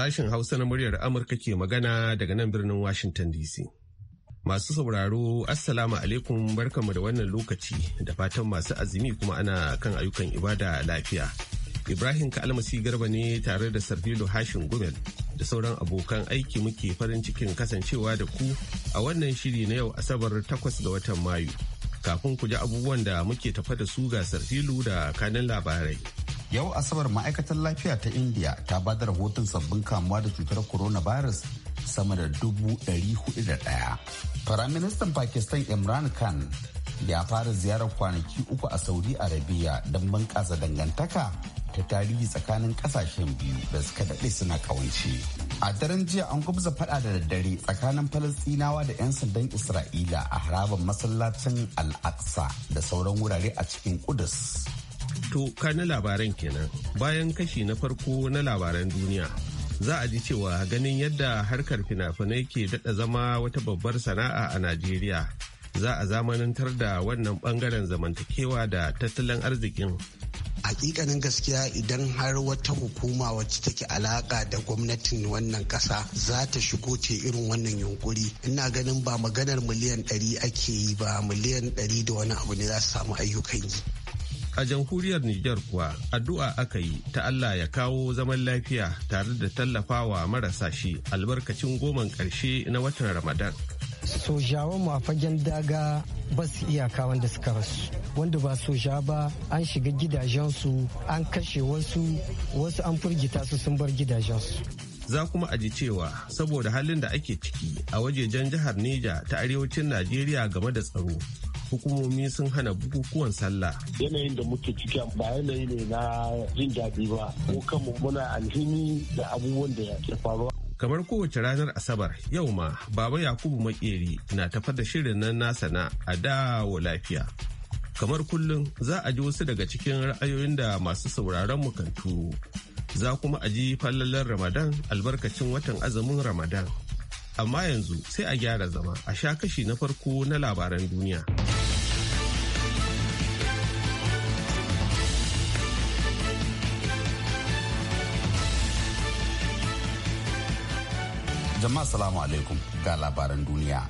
Sashen Hausa na muryar Amurka ke magana daga nan birnin Washington DC. Masu sauraro, Assalamu alaikum barkanmu da wannan lokaci da fatan masu azumi kuma ana kan ayyukan ibada lafiya. Ibrahim Kalmasi Garba ne tare da Sarfilo Hashin Gumel da sauran abokan aiki muke farin cikin kasancewa da ku a wannan shiri na yau Asabar Takwas ga watan Mayu. Kafin ku ji abubuwan da muke tafa da su ga Sarfilu da kanin labarai. yau asabar ma'aikatar lafiya ta indiya ta ba da rahoton sabbin kamuwa da cutar coronavirus sama da dubu ɗaya. firaministan pakistan imran khan ya fara ziyarar kwanaki uku a saudi arabia don bunƙasa dangantaka ta tarihi tsakanin kasashen biyu da suka daɗe suna kawance a daren jiya an gubza faɗa da daddare tsakanin falastinawa da 'yan sandan isra'ila a harabar masallacin al-aqsa da sauran wurare a cikin kudus To na labaran kenan bayan kashi na farko na labaran duniya. Za a ji cewa ganin yadda harkar fina-finai ke daɗa zama wata babbar sana'a a Najeriya. Za a zamanantar da wannan bangaren zamantakewa da tattalin arzikin. hakikanin gaskiya idan har wata hukuma wacce take alaka da gwamnatin wannan kasa za ta shigo ce irin wannan yunkuri ina ganin ba maganar miliyan 100 ake yi ba miliyan 100 da wani abu ne za su samu ayyukan yi A jamhuriyar Nijar kuwa addu'a aka yi ta Allah ya kawo zaman lafiya tare da tallafawa marasa shi albarkacin goman karshe na watan Ramadan. sojawan mu a fagen daga ba su iyaka wanda suka rasu wanda ba soja ba an shiga gidajensu an kashe wasu wasu an furgita su sun bar gidajensu za kuma aji cewa saboda halin da ake ciki a wajejen jihar neja ta arewacin najeriya game da tsaro hukumomi sun hana bukukuwan sallah yanayin da muke ciki ba yanayi ne na jin daɗi ba ko kanmu muna alhini da abubuwan da ke faruwa kamar kowace ranar asabar yau ma baba yakubu makeri na tafar da shirin nan nasa na a dawo lafiya kamar kullum za a ji wasu daga cikin ra'ayoyin da masu sauraron mu kan turo za kuma a ji fallalar ramadan albarkacin watan azumin ramadan amma yanzu sai a gyara zama a sha kashi na farko na labaran duniya. Jama'a salamu alaikum ga labaran duniya.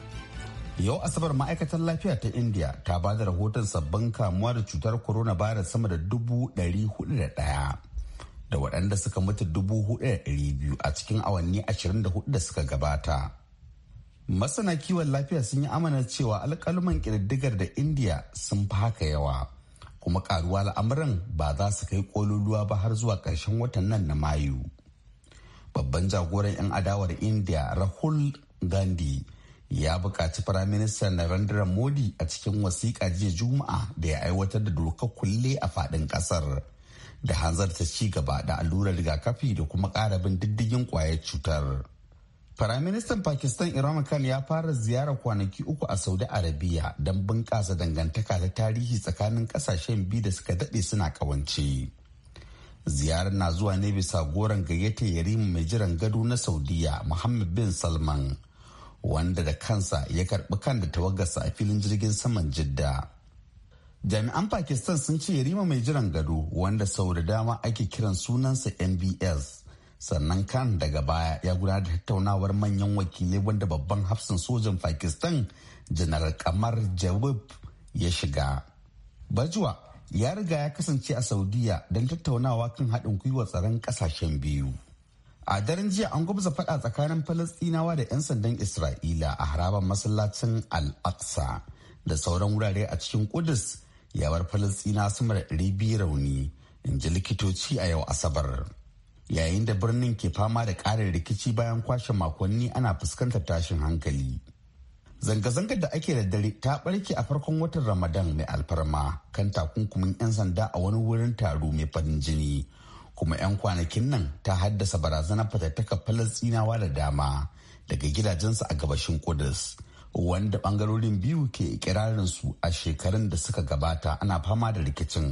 Yau Asabar ma'aikatar lafiya ta India ta ba da rahoton sabbin kamuwa da cutar coronavirus sama da dubu dari hudu da daya Da waɗanda suka mutu dubu hudu da dari biyu a cikin awanni ashirin da hudu da suka gabata. Masana kiwon lafiya sun yi amana cewa alƙaluman ƙididdigar da India sun fi haka yawa. Kuma ƙaruwa al'amuran ba za su kai ƙololuwa ba har zuwa ƙarshen watan nan na Mayu. babban jagoran 'yan adawar india rahul gandhi ya buƙaci firaministan narendra modi a cikin wasiƙa jiya juma'a da ya aiwatar da dokar kulle a faɗin ƙasar da hanzarta ci gaba da allurar rigakafi da kuma ƙara bin diddigin ƙwayar cutar firaministan pakistan imran khan ya fara ziyarar kwanaki uku a saudi arabia don bunƙasa dangantaka ta tarihi tsakanin ƙasashen biyu da suka daɗe suna ƙawance ziyarar na zuwa ne bisa goron gayyata yarima mai jiran gado na saudiya muhammad bin salman wanda da kansa ya karbi kan da tawagarsa a filin jirgin saman jidda jami'an pakistan sun ce yarima mai jiran gado wanda sau da dama ake kiran sunansa NBS sannan kan daga baya ya gudanar da tattaunawar manyan wakilai wanda babban hafsin sojan pakistan janar kamar jawab ya shiga Bajuwa. ya riga ya kasance a saudiya don tattaunawa kan haɗin gwiwa tsaron ƙasashen biyu a daren jiya an gwabza faɗa tsakanin falastinawa da 'yan sandan isra'ila a harabar masallacin al-aqsa da sauran wurare a cikin kudus yawar falastina sama da ɗari biyu rauni in ji likitoci a yau asabar yayin da birnin ke fama da ƙarin rikici bayan kwashe makonni ana fuskantar tashin hankali Zanga-zangar da ake da dare ta barke a farkon watan Ramadan mai alfarma kan takunkumin 'yan sanda a wani wurin taro mai farin jini. Kuma 'yan kwanakin nan ta haddasa barazanar fatattaka falastinawa da dama daga gidajensu a gabashin Kudus. Wanda bangarorin biyu ke ikirarin su a shekarun da suka gabata ana fama da rikicin.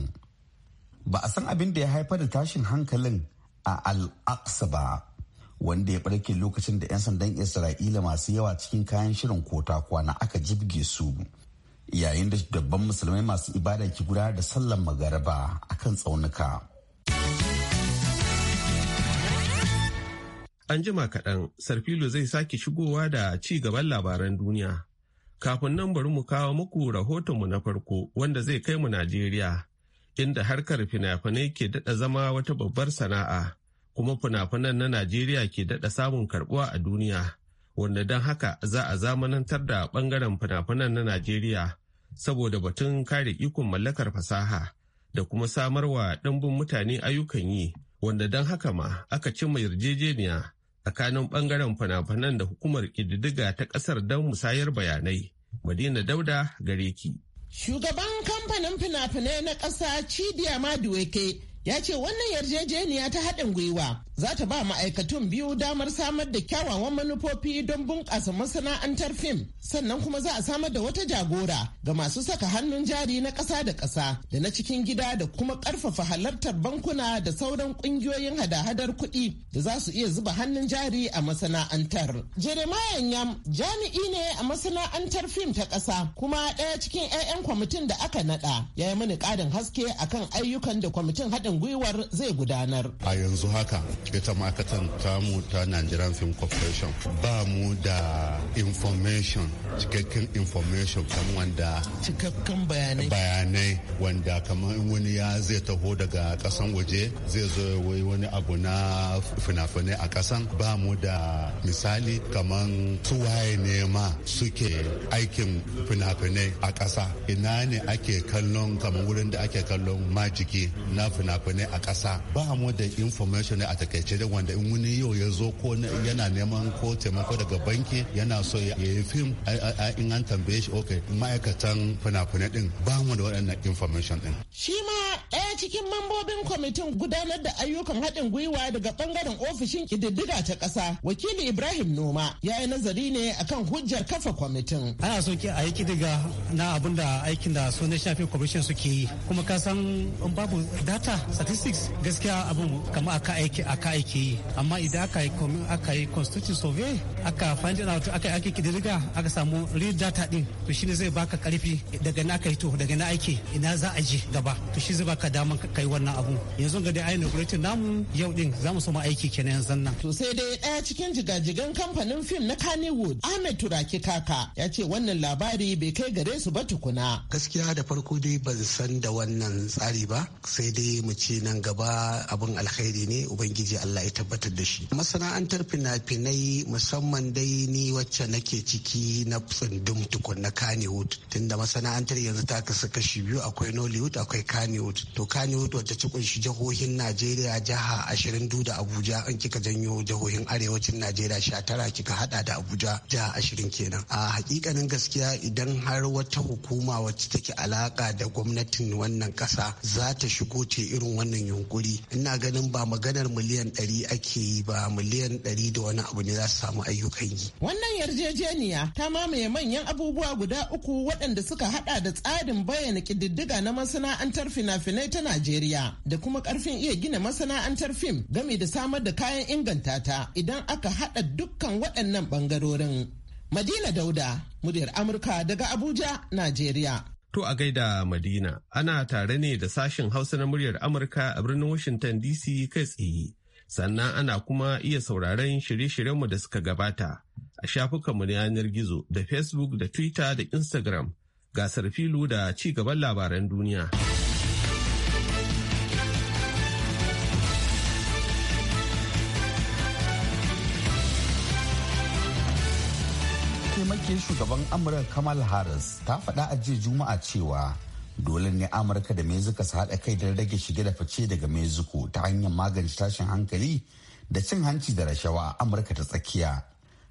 Ba a san abin da ya haifar da tashin hankalin a Al-Aqsa ba. wanda ya barke lokacin da 'yan sandan isra'ila masu yawa cikin kayan shirin kota kwana aka jibge su yayin da dabban musulmai masu ibada ke gudanar da sallar magaraba a kan tsaunuka an jima kaɗan sarfilo zai sake shigowa da ci gaban labaran duniya kafin nan bari mu kawo muku rahotonmu na farko wanda zai kai mu najeriya inda harkar fina-finai ke daɗa zama wata babbar sana'a kuma fina-finan na Najeriya ke daɗa samun karɓuwa a duniya, wanda don haka za a zamanantar da ɓangaren fina-finan na Najeriya saboda batun kare ikon mallakar fasaha da kuma samarwa ɗimbin mutane ayyukan yi, wanda don haka ma aka cimma yarjejeniya tsakanin ɓangaren fina-finan da hukumar ƙididdiga ta ƙasar don musayar bayanai. Madina Dauda gare ki. Shugaban kamfanin fina-finai na ƙasa Amadu Maduweke ya ce wannan yarjejeniya ta haɗin gwiwa za ta ba ma'aikatun biyu damar samar da kyawawan manufofi don bunƙasa masana'antar fim sannan kuma za a samar da wata jagora ga masu saka hannun jari na ƙasa da ƙasa da na cikin gida da kuma ƙarfafa halartar bankuna da sauran ƙungiyoyin hada-hadar kuɗi da za su iya zuba hannun jari a masana'antar. Jeremiah Yam jami'i ne a masana'antar fim ta ƙasa kuma ɗaya cikin 'ya'yan kwamitin da aka naɗa ya yi mini ƙarin haske akan ayyukan da kwamitin haɗin gwiwar zai gudanar. A yanzu haka ita ma'aikatan tamu ta Nigerian Film Corporation ba mu da information cikakken information kan wanda cikakken bayanai bayanai wanda kamar wani ya zai taho daga kasan waje zai zo wai wani abu na fina-finai a kasan ba mu da misali kamar suwaye ne ma suke aikin fina-finai a ƙasa ina ne ake kallon kamar wurin da ake kallon majiki na fina-finai a kasa ba mu da information a take takaice da wanda in wani yau ya zo ko yana neman ko taimako daga banki yana so ya yi fim in an tambaye shi ok ma'aikatan fina-finai din ba mu da waɗannan information din. Shi ma ɗaya cikin mambobin kwamitin gudanar da ayyukan haɗin gwiwa daga ɓangaren ofishin ƙididdiga ta ƙasa wakili Ibrahim Noma ya yi nazari ne akan hujjar kafa kwamitin. Ana so ki a yi ƙididdiga na abin da aikin da su National Film Commission suke yi kuma ka san babu data statistics gaskiya abin kama aka aiki aka aka aiki yi amma idan aka yi aka yi constitution survey aka find out aka aka kidiriga aka samu real data din to shine zai baka karfi daga na kai to daga na aiki ina za a je gaba to shi zai baka daman kai wannan abun yanzu ga dai ayi regulating namu yau din za mu aiki kenan yanzu nan to sai dai daya cikin jigajigan kamfanin fim na Kannywood Ahmed Turaki Kaka ya ce wannan labari bai kai gare su ba tukuna gaskiya da farko dai ban san da wannan tsari ba sai dai mu ce nan gaba abin alkhairi ne ubangiji Allah ya tabbatar da shi masana'antar fina-finai musamman dai ni wacce nake ciki na tsundum tukun na Kannywood tunda masana'antar yanzu ta kasu kashi biyu akwai Nollywood akwai Kannywood to Kannywood wacce ta kunshi jihohin Najeriya jiha ashirin du da Abuja an kika janyo jihohin arewacin Najeriya sha tara kika hada da Abuja jiha ashirin kenan a hakikanin gaskiya idan har wata hukuma wacce take alaka da gwamnatin wannan kasa za ta shigo ce irin wannan yunkuri ina ganin ba maganar miliyan miliyan ɗari ake yi ba miliyan ɗari da wani abu ne za su samu ayyukan yi. Wannan yarjejeniya ta mamaye manyan abubuwa guda uku waɗanda suka haɗa da tsarin bayyana ƙididdiga na masana'antar fina-finai ta Najeriya da kuma karfin iya gina masana'antar fim game da samar da kayan inganta ta idan aka haɗa dukkan waɗannan ɓangarorin. Madina Dauda, muryar Amurka daga Abuja, Najeriya. To a gaida Madina, ana tare ne da sashen Hausa na muryar Amurka a birnin Washington DC kai tsaye. sannan ana kuma iya sauraron shirye-shiryenmu da suka gabata a shafukanmu na yanar gizo da facebook da twitter da instagram gasar filu da ci gaban labaran duniya mataimakin shugaban amurka kamal harris ta faɗa a jiya juma'a cewa dole ne amurka da mexico su haɗa kai don rage shige da fice daga mexico ta hanyar magance tashin hankali da cin hanci da rashawa a amurka ta tsakiya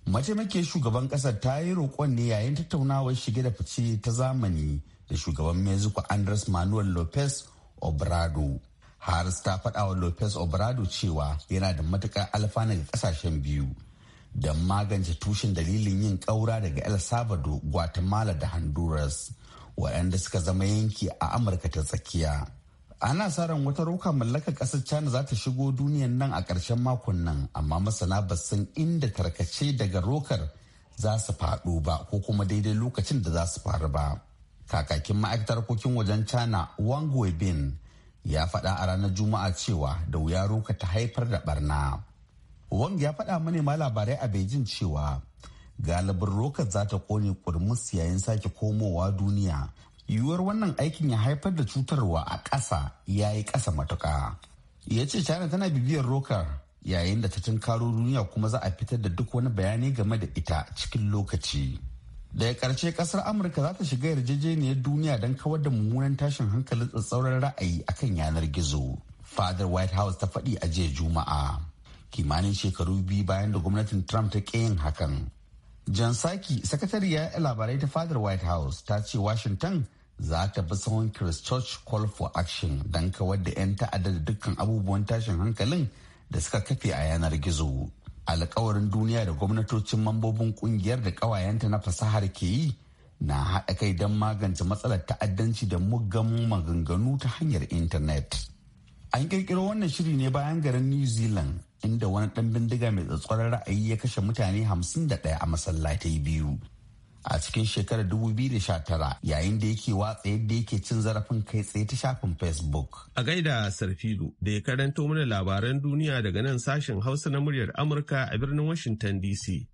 mataimakin shugaban ƙasar ta yi roƙon ne yayin tattaunawar shige da fice ta zamani da shugaban mexico andres manuel lopez obrado harris ta faɗa wa lopez obrado cewa yana da matuƙar alfana ga ƙasashen biyu don magance tushen dalilin yin ƙaura daga el salvador guatemala da honduras waɗanda suka zama yanki a amurka ta tsakiya ana sa ran wata roka mallakar ƙasar china za ta shigo duniyan nan a ƙarshen makon nan amma masana ba san inda tarkace daga rokar za su faɗo ba ko kuma daidai lokacin da za su faru ba kakakin ma'aikatar harkokin wajen china wang weibin ya faɗa a ranar juma'a cewa da wuya roka ta haifar da barna wang ya faɗa manema labarai a beijing cewa galibin rokar za ta kone kurmus yayin sake komowa duniya yiwuwar wannan aikin ya haifar da cutarwa a ƙasa ya yi ƙasa matuƙa ya ce china tana bibiyar rokar yayin da ta karo duniya kuma za a fitar da duk wani bayani game da ita cikin lokaci daga ƙarshe ƙasar amurka za ta shiga yarjejeniyar duniya don kawar da mummunan tashin hankalin tsatsauran ra'ayi akan yanar gizo fadar white house ta faɗi a jiya juma'a kimanin shekaru biyu bayan da gwamnatin trump ta ƙe yin hakan Jan Saki, sakatariya labarai ta fadar White House ta ce Washington za ta bi tsawon Christchurch Call for Action don kawar da 'yan ta'adda da dukkan abubuwan tashin hankalin da suka kafe a yanar gizo. Alkawarin duniya da gwamnatocin mambobin kungiyar da ƙawayenta na fasahar ke yi na haɗa kai don magance matsalar ta'addanci da muggan maganganu ta hanyar intanet. An ƙirƙiro wannan shiri ne bayan garin New Zealand inda wani ɗan bindiga mai tsatsuwar ra'ayi ya kashe mutane 51 a masallatai biyu a cikin shekarar 2019 yayin da yake watsa yadda yake cin zarafin kai tsaye ta shafin facebook a gaida sarfilu da ya karanto mana labaran duniya daga nan sashen hausa na muryar amurka a birnin washington dc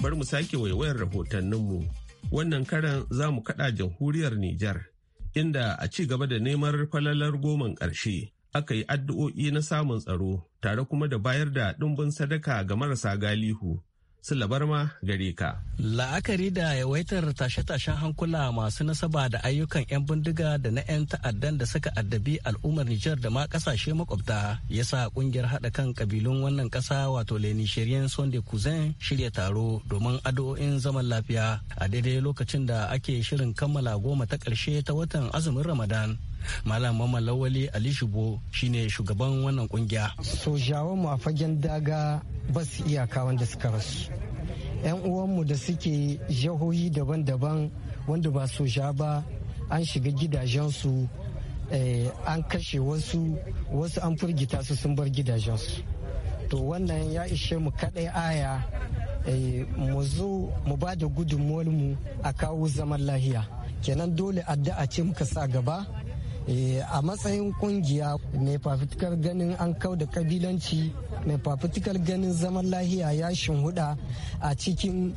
bari mu sake waiwayar rahotanninmu. Wannan karan za mu kaɗa jamhuriyar Nijar, inda a ci gaba da neman falalar goman ƙarshe aka yi addu'o'i na samun tsaro tare kuma da bayar da ɗumbin sadaka ga marasa galihu Sillabarma gare ka. La'akari da yawaitar tashe-tashen hankula masu nasaba da ayyukan 'yan bindiga da na 'yan ta'addan da suka addabi al'ummar Nijar da ma kasashe makwabta ya sa kungiyar haɗa kan kabilun wannan ƙasa wato Leni Shirin Sunday Kuzen shirya taro domin addu'o'in zaman lafiya a daidai lokacin da ake shirin kammala goma ta ƙarshe ta watan azumin Ramadan. malam mama lawali ali shubo shine shugaban wannan kungiya sojawan mu a fagen daga ba su iyaka wanda suka rasu yan uwanmu da suke jihohi daban-daban wanda ba soja ba an shiga gidajensu eh, an kashe wasu wasu an furgita su sun bar gidajensu to wannan ya ishe mu kadai aya eh, mu zo mu ba da mu a kawo zaman lahiya kenan dole addu'a ce muka sa gaba Eh, a matsayin kungiya mai fafutukar ganin an kau da kabilanci mai fafutukar ganin zaman lahiya ya shinhuda a cikin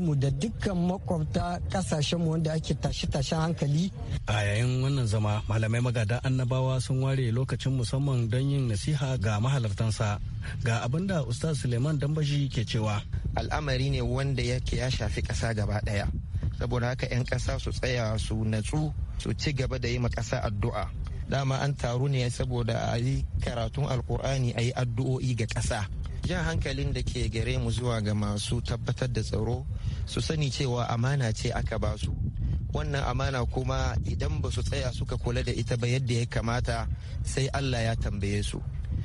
mu da dukkan makwabta kasashenmu wanda ake tashe-tashen hankali. A yayin wannan zama malamai magada annabawa sun ware lokacin musamman don yin nasiha ga mahalartansa ga abinda da Ustaz Suleiman Dambashi ke cewa. Al'amari ne wanda yake ya shafi ƙasa gaba ɗaya. Saboda haka 'yan ƙasa su tsaya su natsu su ci gaba da yi ma ƙasa addu'a dama an taru ne saboda a yi karatun alkur'ani a yi addu'o'i ga ƙasa jan hankalin da ke gare mu zuwa ga masu tabbatar da tsaro su sani cewa amana ce aka ba su wannan amana kuma idan ba su tsaya suka kula da ita ba yadda ya kamata sai allah ya tambaye su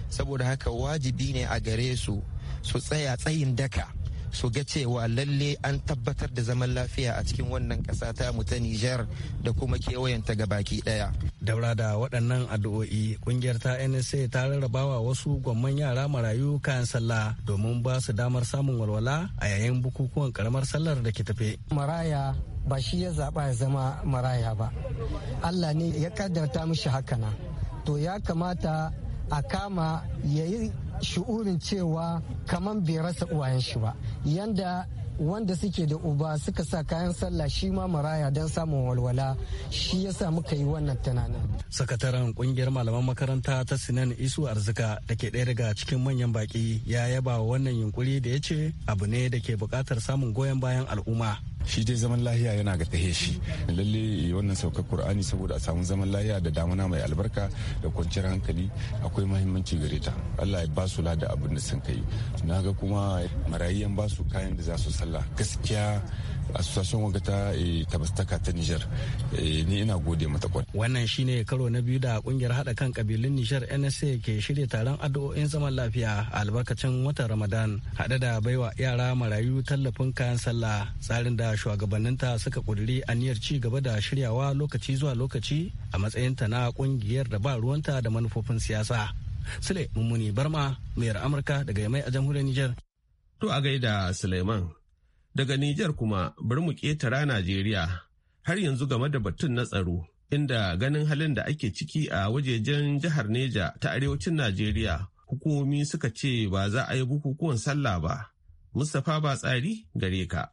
saboda haka wajibi ne a gare su su tsaya tsayin daka su ga cewa lalle an tabbatar da zaman lafiya a cikin wannan ƙasa ta mu ta Nijar da kuma kewayenta ga baki ɗaya. Daura da waɗannan addu'o'i ƙungiyar ta NSA ta rarrabawa wasu gwamman yara marayu kayan sallah domin ba su damar samun walwala a yayin bukukuwan karamar sallar da ke tafe. Maraya ba shi ya zaɓa ya zama maraya ba. Allah ne ya kaddarta mishi na. To ya kamata a kama yayi shu'urin cewa kamar bai rasa uwayen shi ba yanda wanda suke da uba suka sa kayan sallah shi ma maraya don samun walwala shi ya sa muka yi wannan tunanin. sakataren kungiyar malaman makaranta ta sinan isu arzika da ke ɗaya daga cikin manyan baki ya yaba wannan yunkuri da ya ce abu ne da ke buƙatar samun goyon bayan al'umma shi dai zaman lahiya yana ga tahe shi lalle wannan saukar kur'ani saboda a samu zaman lahiya da damuna mai albarka da kwanciyar hankali akwai mahimmanci gare ta Allah ya basu lada abin da sun kai na ga kuma marayiyan basu kayan da za su sallah gaskiya association wanga ta eh, tabastaka ta Nijar eh, ni ina gode mata kwan Wannan shine karo na biyu da kungiyar hada kan kabilun Nijar NSA ke shirya taron addu'o'in zaman lafiya a albarkacin watan Ramadan hada da baiwa yara marayu tallafin kayan sallah tsarin da shugabanninta suka kuduri aniyar ci gaba da shiryawa lokaci zuwa lokaci a matsayinta na kungiyar da ba ruwanta da manufofin siyasa. Sule Mummuni Barma, Mayar Amurka daga Yamai a jamhuriyar Nijar. To a gaida Suleiman Daga Nijar kuma bari mu ƙetara Najeriya har yanzu game da batun na tsaro inda ganin halin da ake ciki a wajejen jihar Neja ta arewacin Najeriya hukumomi suka ce ba za a yi bukukuwan sallah ba. Mustapha ba tsari, gare ka.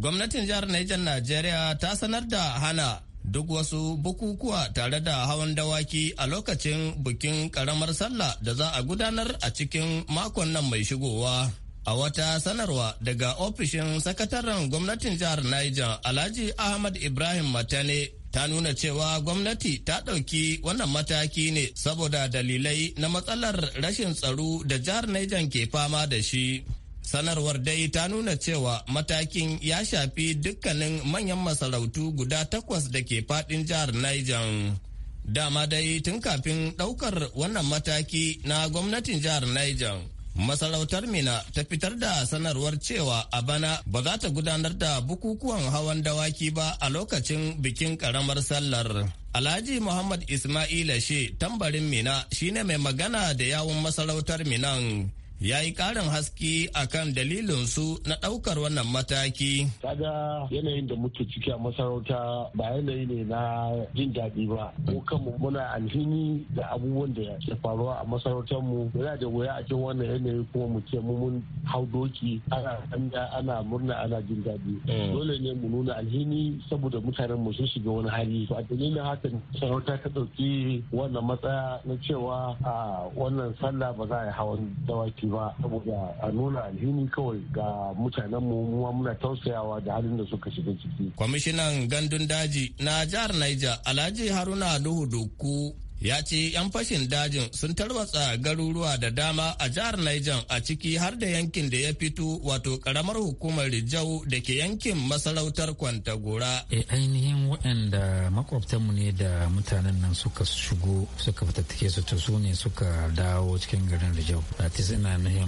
Gwamnatin jihar Nijar Najeriya ta sanar da hana duk wasu bukukuwa tare da hawan dawaki a lokacin bikin karamar sallah da za a gudanar a cikin makon nan mai shigowa. A wata sanarwa daga ofishin sakataren gwamnatin jihar Niger Alhaji Ahmad Ibrahim Matane ta nuna cewa gwamnati ta ɗauki wannan mataki ne saboda dalilai na matsalar rashin tsaro da jihar Niger ke fama da shi. Sanarwar dai ta nuna cewa matakin ya shafi dukkanin manyan masarautu guda takwas da ke faɗin jihar Niger. Dama dai tun kafin ɗaukar wannan mataki na gwamnatin jihar Niger. Masarautar Mina ta fitar da sanarwar cewa a bana ba za ta gudanar da bukukuwan hawan dawaki ba a lokacin bikin karamar sallar. Alhaji Muhammad Ismaila she tambarin Mina shine mai magana da yawun masarautar Minan. ya yi ƙarin haske a akan dalilinsu na ɗaukar wannan mataki. Kaga yanayin da muke ciki a masarauta ba yanayi ne na jin daɗi ba. Ko kanmu muna alhini da abubuwan da ke faruwa a masarautar mu. Yana da wuya a cikin wannan yanayi kuma mu ce mu mun hau doki ana ana murna ana jin daɗi. Mm. Dole ne mu nuna alhini saboda mutanen mu sun shiga wani hali. A dalilin haka sarauta ta ɗauki wannan matsaya na cewa a wannan sallah ba za a yi hawan dawaki ba saboda a nuna alhini kawai ga mutanen mu muwa muna tausayawa da halin da suka shiga ciki. Kwamishinan gandun daji na jihar Niger Alhaji Haruna Nuhu Doku ya ce 'yan fashin dajin sun tarwatsa garuruwa da dama a jihar Niger a ciki har da yankin da ya fito wato karamar hukumar Rijau da ke yankin masarautar Kwantagora. E ainihin waɗanda makwabtanmu ne da mutanen nan suka shigo suka fitattake su to su ne suka dawo cikin garin Rijau. Latis ta nuhin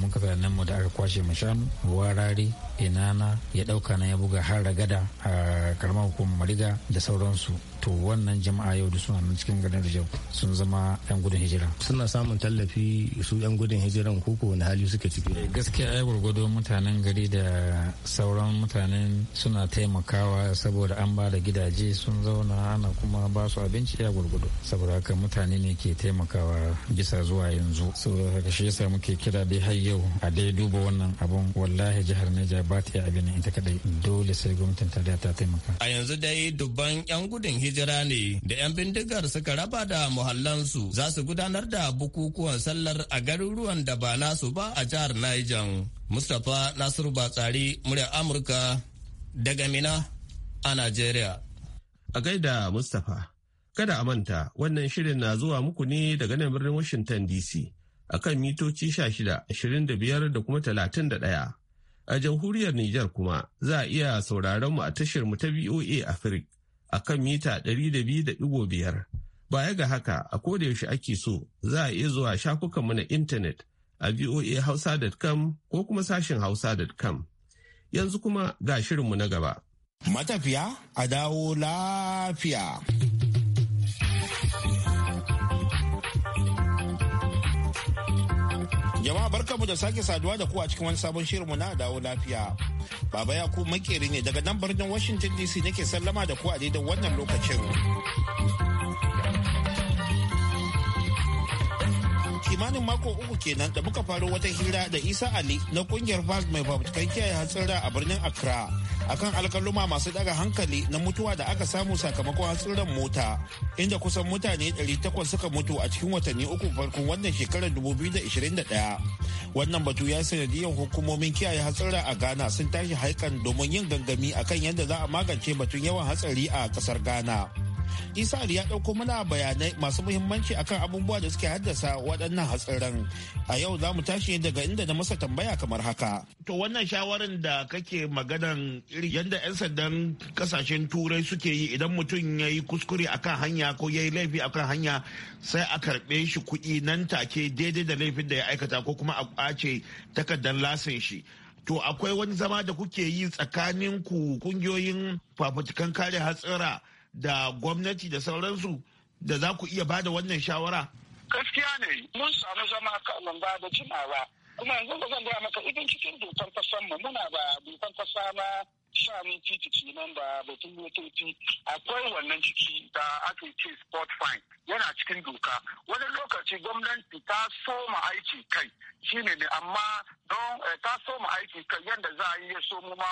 muka nan mu da aka kwashe mu shanu warari inana ya ɗauka na ya buga har ragada a karamar hukumar Mariga da sauransu. to wannan jama'a yau da suna nan cikin garin Rijau sun zama yan gudun hijira suna samun tallafi su yan gudun hijiran ko na wani hali suke ciki eh, gaskiya ai gurgudu mutanen gari da sauran mutanen suna taimakawa saboda an ba da gidaje sun zauna ana kuma ba su abinci ya gwargwado saboda haka mutane ne ke taimakawa bisa zuwa yanzu saboda haka shi yasa muke kira dai har yau a dai duba wannan abun wallahi jihar Neja ba ta yi abin ita kadai dole sai gwamnatin ta taimaka a yanzu dai dubban yan gudun hijira hijira ne da 'yan bindigar suka raba da muhallansu za su gudanar da bukukuwan sallar a garuruwan da ba nasu ba a jihar Niger. Mustapha Nasiru Batsari murya Amurka daga Mina a Najeriya. A gaida Mustapha, kada a manta wannan shirin na zuwa muku ne daga nan birnin Washington DC a kan mitoci 16, ashirin da kuma ɗaya, a jamhuriyar Nijar kuma za a iya sauraron mu a tashar mu ta VOA Africa a kan mita 200.5. Baya ga haka a kodayaushe ake so za a iya zuwa shafukanmu na intanet a voahausa.com ko kuma sashin hausa.com. Yanzu kuma ga shirinmu na gaba. Matafiya a dawo lafiya. Jama'a mu da sake saduwa da ku a cikin wani sabon shirinmu na dawo lafiya. Baba Yaku makeri ne daga nan birnin Washington DC nake sallama da ku a daidai wannan lokacin. kimanin mako uku kenan da muka faro wata hira da isa ali na kungiyar vaz mai fafutukan kiyaye hatsira a birnin accra akan alkaluma masu daga hankali na mutuwa da aka samu sakamakon hatsarin mota inda kusan mutane 800 suka mutu a cikin watanni uku farkon wannan shekarar 2021 wannan batu ya sanadiyar hukumomin kiyaye hatsira a ghana sun tashi haikan domin yin gangami akan yadda za a magance batun yawan hatsari a kasar ghana isa ya ɗauko mana bayanai masu muhimmanci akan abubuwa da suke haddasa waɗannan hatsarin a yau za mu tashi daga inda na masa tambaya kamar haka to wannan shawarar da kake maganan yadda 'yan sandan kasashen turai suke yi idan mutum ya yi kuskure akan hanya ko ya yi laifi akan hanya sai a karɓe shi kuɗi nan take daidai da laifin da ya aikata ko kuma a ƙwace takardar lasin shi to akwai wani zama da kuke yi tsakanin ku kungiyoyin fafutukan kare hatsira da gwamnati da sauransu da za ku iya bada wannan shawara? Gaskiya ne mun samu zama kan ba da jimawa kuma yanzu ba zan gaya maka idan cikin dokar kasan mu muna ba dokar kasa na sami titi nan ba batun motoci akwai wannan ciki da aka ce sport fine yana cikin doka wani lokaci gwamnati ta soma aiki kai shine ne amma don eh, ta soma aiki kai yadda za a yi ya somo ma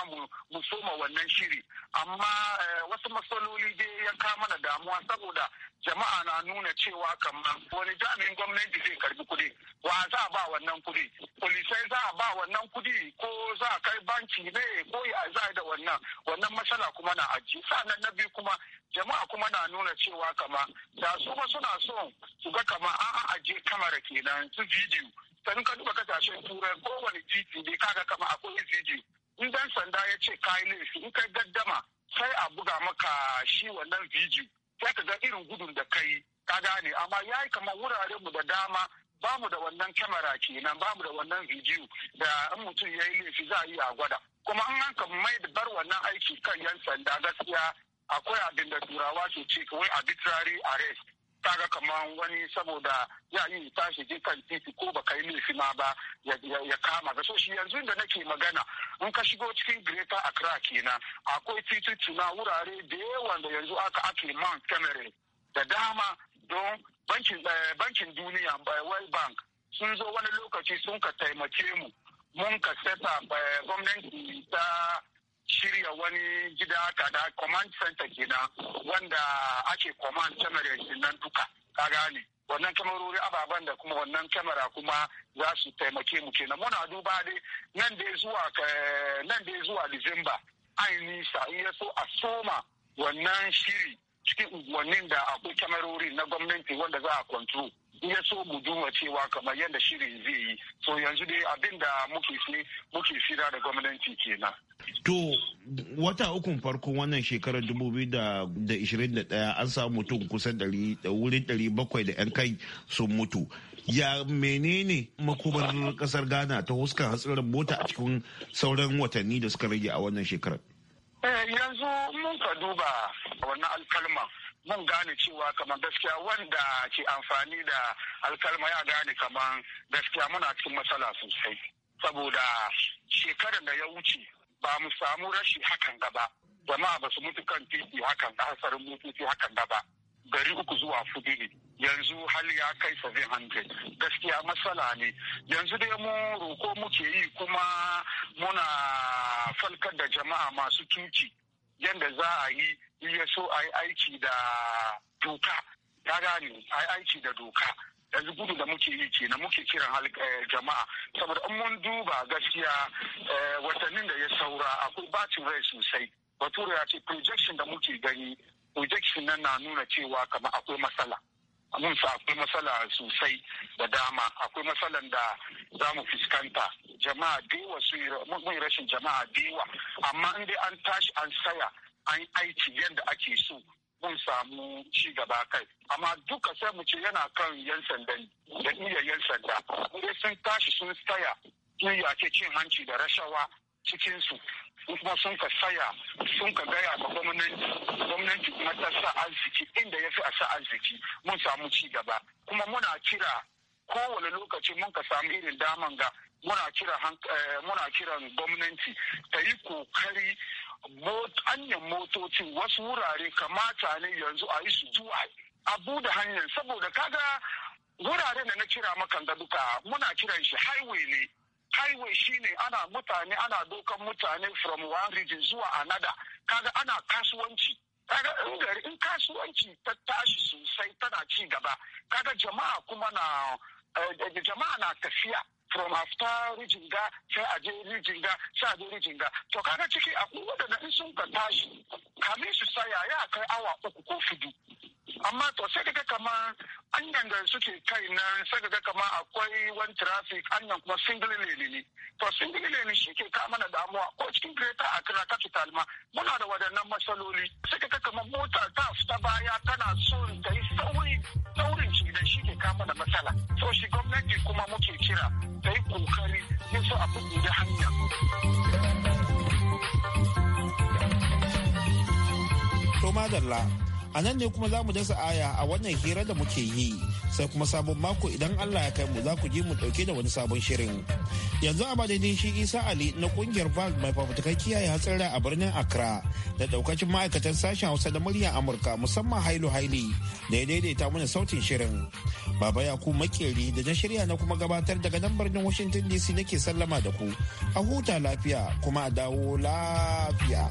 mu soma wannan shiri amma eh, wasu matsaloli dai ya kama na damuwa saboda jama'a na nuna cewa kamar wani jami'in gwamnati zai karbi kuɗi wa za a ba wannan kuɗi Folisai za a ba wannan kudi ko za a kai banki ne ko ya za a da wannan wannan matsala kuma na aji sannan na biyu kuma jama'a kuma na nuna cewa kama da su ma suna so su ga kama a aje kamara kenan su bidiyo sai ka duba kasashen turai kowane titi ne kaga kama akwai bidiyo in dan sanda ya ce kayi laifi in kai gaddama sai a buga maka shi wannan bidiyo sai ka ga irin gudun da kai ka gane amma yayi yi kama wuraren mu da dama ba mu da wannan kyamara kenan ba mu da wannan video da in mutum ya yi laifi za a yi a gwada kuma an hanka mai da bar wannan aiki kan yan sanda gaskiya akwai abin da turawa ke ce kawai arbitrary arrest kaga kaman wani saboda ya yi tashi ji kan titi ko ba yi laifi ma ba ya kama ga so shi yanzu da nake magana in ka shigo cikin greater accra kenan akwai tituna wurare da yawan da yanzu aka ake man kamera da dama don Eh, bankin duniya world bank sun zo wani lokaci sun ka taimake mu mun ka seta eh, gwamnati ta shirya wani gida kada command center kenan wanda ake command cameras nan duka ka gane wannan kamarori ababen da kuma wannan kamera kuma za su taimake mu kenan muna duba dai nan da zuwa eh, nan dai zuwa december an nisa in ya so a soma wannan shiri cikin unguwannin da akwai kyamarori na gwamnati wanda za a kwantu ya so mu duba cewa kamar yadda shirin zai yi so yanzu dai abin da muke fi muke fira da gwamnati kenan. To wata ukun farko wannan shekarar 2021 an samu mutum kusan wurin 700 da 'yan kai sun mutu. Ya menene makomar kasar Ghana ta huskan hatsarin mota a cikin sauran watanni da suka rage a wannan shekarar? Eh, yanzu mun ka duba wannan alkalma mun gane cewa kamar gaskiya wanda ke amfani da alkalma ya gane kamar gaskiya muna cikin matsala sosai saboda shekarar da ya wuce ba mu samu rashi hakan gaba jama'a ba su mutu kan titi hakan da hasarin mutuci hakan gaba gari uku zuwa fudu ne yanzu hal ya kai 700 gaskiya matsala ne yanzu dai mu roko muke yi kuma muna falkar da jama'a masu tuki yadda za a yi ya so a yi aiki da doka ta gane a yi aiki da doka yanzu gudu da muke yi na muke kiran eh, jama'a saboda in mun duba gaskiya eh, watannin da ya saura akwai batin rai sosai bature ya ce projection da muke gani projection nan na nuna cewa kamar akwai matsala sa akwai matsala sosai da dama akwai matsalan da za mu fuskanta jama'a dewa su mun rashin jama'a dewa amma in dai an tashi an saya an aiki yadda ake so mun samu ci gaba kai amma duka sai mu ce yana kan yan sanda da iya yan sanda sun tashi sun saya sun ce cin hanci da rashawa cikinsu ko kuma sun ka saya sun ka gaya ga gwamnati kuma ta sa arziki inda ya fi a sa arziki mun samu ci gaba kuma muna kira kowane lokaci mun ka samu irin daman ga muna kira eh, muna kiran gwamnati ta yi kokari anyan motocin wasu wurare kamata ne yanzu a yi su zuwa a bude hanyar saboda kaga wuraren da na kira maka ga duka muna kiran shi highway ne highway shine ana mutane ana dokan mutane from one region zuwa another kaga ana kasuwanci kaga gari in kasuwanci ta tashi sosai tana ci gaba kaga jama'a kuma na eh, jama'a na tafiya from after ga sai a je ga sai a je ga to kaga ciki kuma da in sun ka tashi kamin su saya ya kai awa uku ko fudu amma to sai kaga kama anyan da suke kai na sai kaga kama akwai wani traffic anyan kuma single lane ne to single lane shi ke kama na damuwa ko cikin greater accra capital ma muna da wadannan matsaloli sai kaga kama mota ta fita baya tana so ta yi sauri saurin shi da shi ta mana matsala so shi gwamnati kuma muke kira ta yi kokari ne so a bugu da hanya to a nan ne kuma za mu dasa aya a wannan hira da muke yi sai kuma sabon mako idan allah ya kai mu za ku ji mu dauke da wani sabon shirin yanzu a madadin shi isa ali na kungiyar val mai fafutukar kiyaye hatsari a birnin accra da daukacin ma'aikatan sashen hausa da muryar amurka musamman hailu haili da ya daidaita mana sautin shirin baba yaku makeri da na shirya na kuma gabatar daga nan birnin washington dc nake sallama da ku a huta lafiya kuma a dawo lafiya.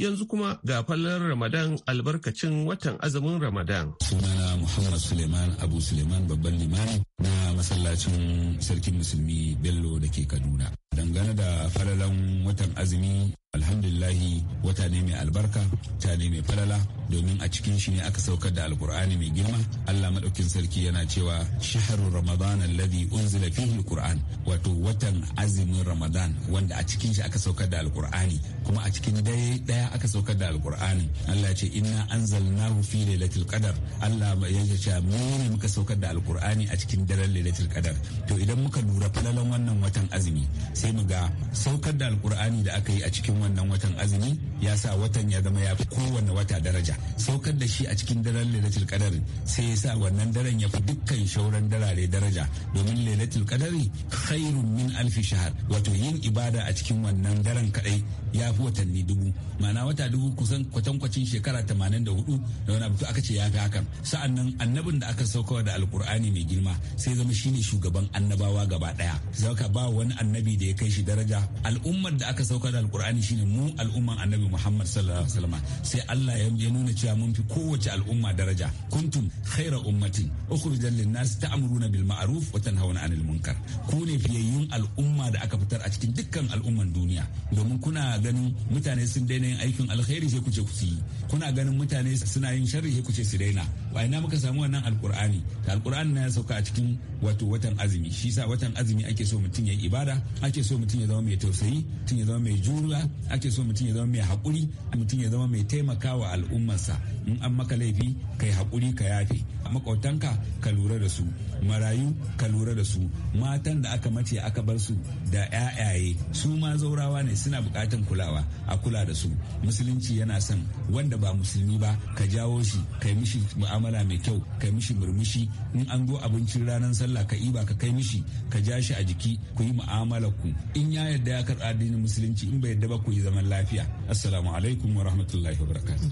Yanzu kuma ga fallar Ramadan albarkacin watan azumin Ramadan. Sunana Muhammad Suleiman Abu Suleiman babban limani na masallacin sarkin musulmi Bello da ke Kaduna. dangane da falalan watan azumi alhamdulillahi wata ne mai albarka ta ne mai falala domin a cikin shi ne aka saukar da alkur'ani mai girma allah maɗaukin sarki yana cewa shaharu ramadan alladhi unzila fihi alquran wato watan azumin ramadan wanda a cikin shi aka saukar da alkur'ani kuma a cikin dare daya aka saukar da alkur'ani allah ce inna anzalnahu fi lailatul qadar allah ya ce mu ne muka saukar da alkur'ani a cikin daren lailatul qadar to idan muka lura falalan wannan watan azumi sai mu ga saukar da alkur'ani da aka yi a cikin wannan watan azumi ya sa watan ya zama ya fi kowane wata daraja saukar da shi a cikin daren lailatul qadari sai ya sa wannan daren ya fi dukkan shauran darare daraja domin lailatul qadari khairun min alfi shahar wato yin ibada a cikin wannan daren kadai ya fi watanni dubu ma'ana wata dubu kusan kwatankwacin shekara tamanin da hudu wani abu aka ce ya fi hakan sa'annan annabin da aka saukawa da alkur'ani mai girma sai zama shine shugaban annabawa gaba daya zaka ba wani annabi da ya kai shi daraja al'ummar da aka saukar da alkur'ani shine mu al'umman annabi muhammad sallallahu alaihi wasallam sai allah ya nuna cewa mun fi kowace al'umma daraja kuntum khaira ummatin ukhrijal linnas ta'muruna bil ma'ruf wa tanhauna 'anil munkar ku ne fiyayyun al'umma da aka fitar a cikin dukkan al'umman duniya domin kuna ganin mutane sun daina yin aikin alkhairi sai ku ce ku yi kuna ganin mutane suna yin sharri sai ku ce su daina wa ina muka samu wannan alkur'ani ta alkur'ani na ya sauka a cikin wato watan azumi shi sa watan azumi ake so mutum ya ibada ake ake so mutum ya zama mai tausayi mutum ya zama mai juriya ake so mutum ya zama mai haƙuri mutum ya zama mai taimaka wa al'ummarsa in an maka laifi ka yi haƙuri ka yafe makwautanka ka lura da su marayu ka lura da su matan da aka mace aka bar su da 'ya'yaye su ma zaurawa ne suna bukatan kulawa a kula da su musulunci yana son wanda ba musulmi ba ka jawo shi kai mishi mu'amala mai kyau kai mishi murmushi in an zo abincin ranar sallah ka iba ka kai mishi ka ja shi a jiki ku yi mu'amalar ku in ya yarda ya karɓa addinin musulunci in bai yarda ba ku yi zaman lafiya assalamu alaikum wa rahmatullahi wa barakatuh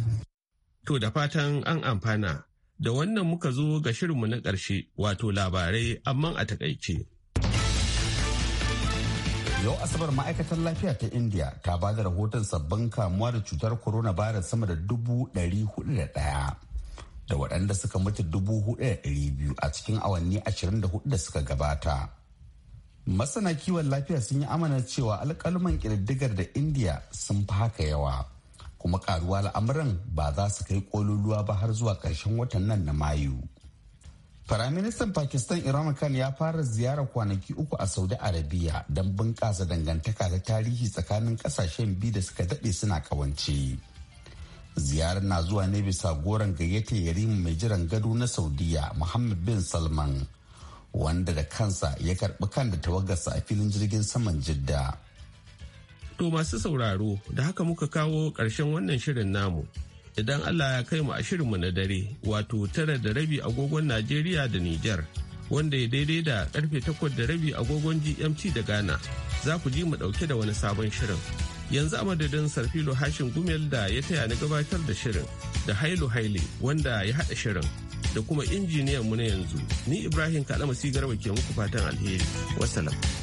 to da fatan an amfana da wannan muka zo ga shirinmu na ƙarshe wato labarai amma a takaice yau asabar ma'aikatar lafiya ta Indiya, ta ba da rahoton sabbin kamuwa da cutar coronavirus sama da dubu ɗari hudu da ɗaya da waɗanda suka mutu dubu hudu da ɗari biyu a cikin awanni ashirin da hudu da suka gabata masana kiwon lafiya sun yi amana cewa alkaluman ƙididdigar da indiya sun fi haka yawa kuma karuwa al'amuran ba za su kai kololuwa ba har zuwa ƙarshen watan nan na mayu Firaministan Pakistan Imran Khan ya fara ziyara kwanaki uku a Saudi Arabia don bunƙasa dangantaka ta tarihi tsakanin ƙasashen biyu da suka daɗe suna ƙawance. Ziyarar na zuwa ne bisa goron gayyata yarima mai jiran gado na Saudiya Muhammad bin Salman wanda da kansa ya karbi kan da tawagarsa a filin jirgin saman jidda. To masu sauraro da haka muka kawo ƙarshen wannan shirin namu. Idan Allah ya kai mu a shirinmu na dare wato tara da rabi agogon Najeriya da Nijar wanda ya daidai da karfe takwas da rabi agogon GMT da Ghana za ku ji mu ɗauke da wani sabon shirin. yanzu a madadin sarfilo hashin gumel da ya taya ni gabatar da shirin da hailu haile wanda ya haɗa shirin da kuma injiniyan mu na yanzu ni ibrahim kaɗa garba ke muku fatan alheri wasalam.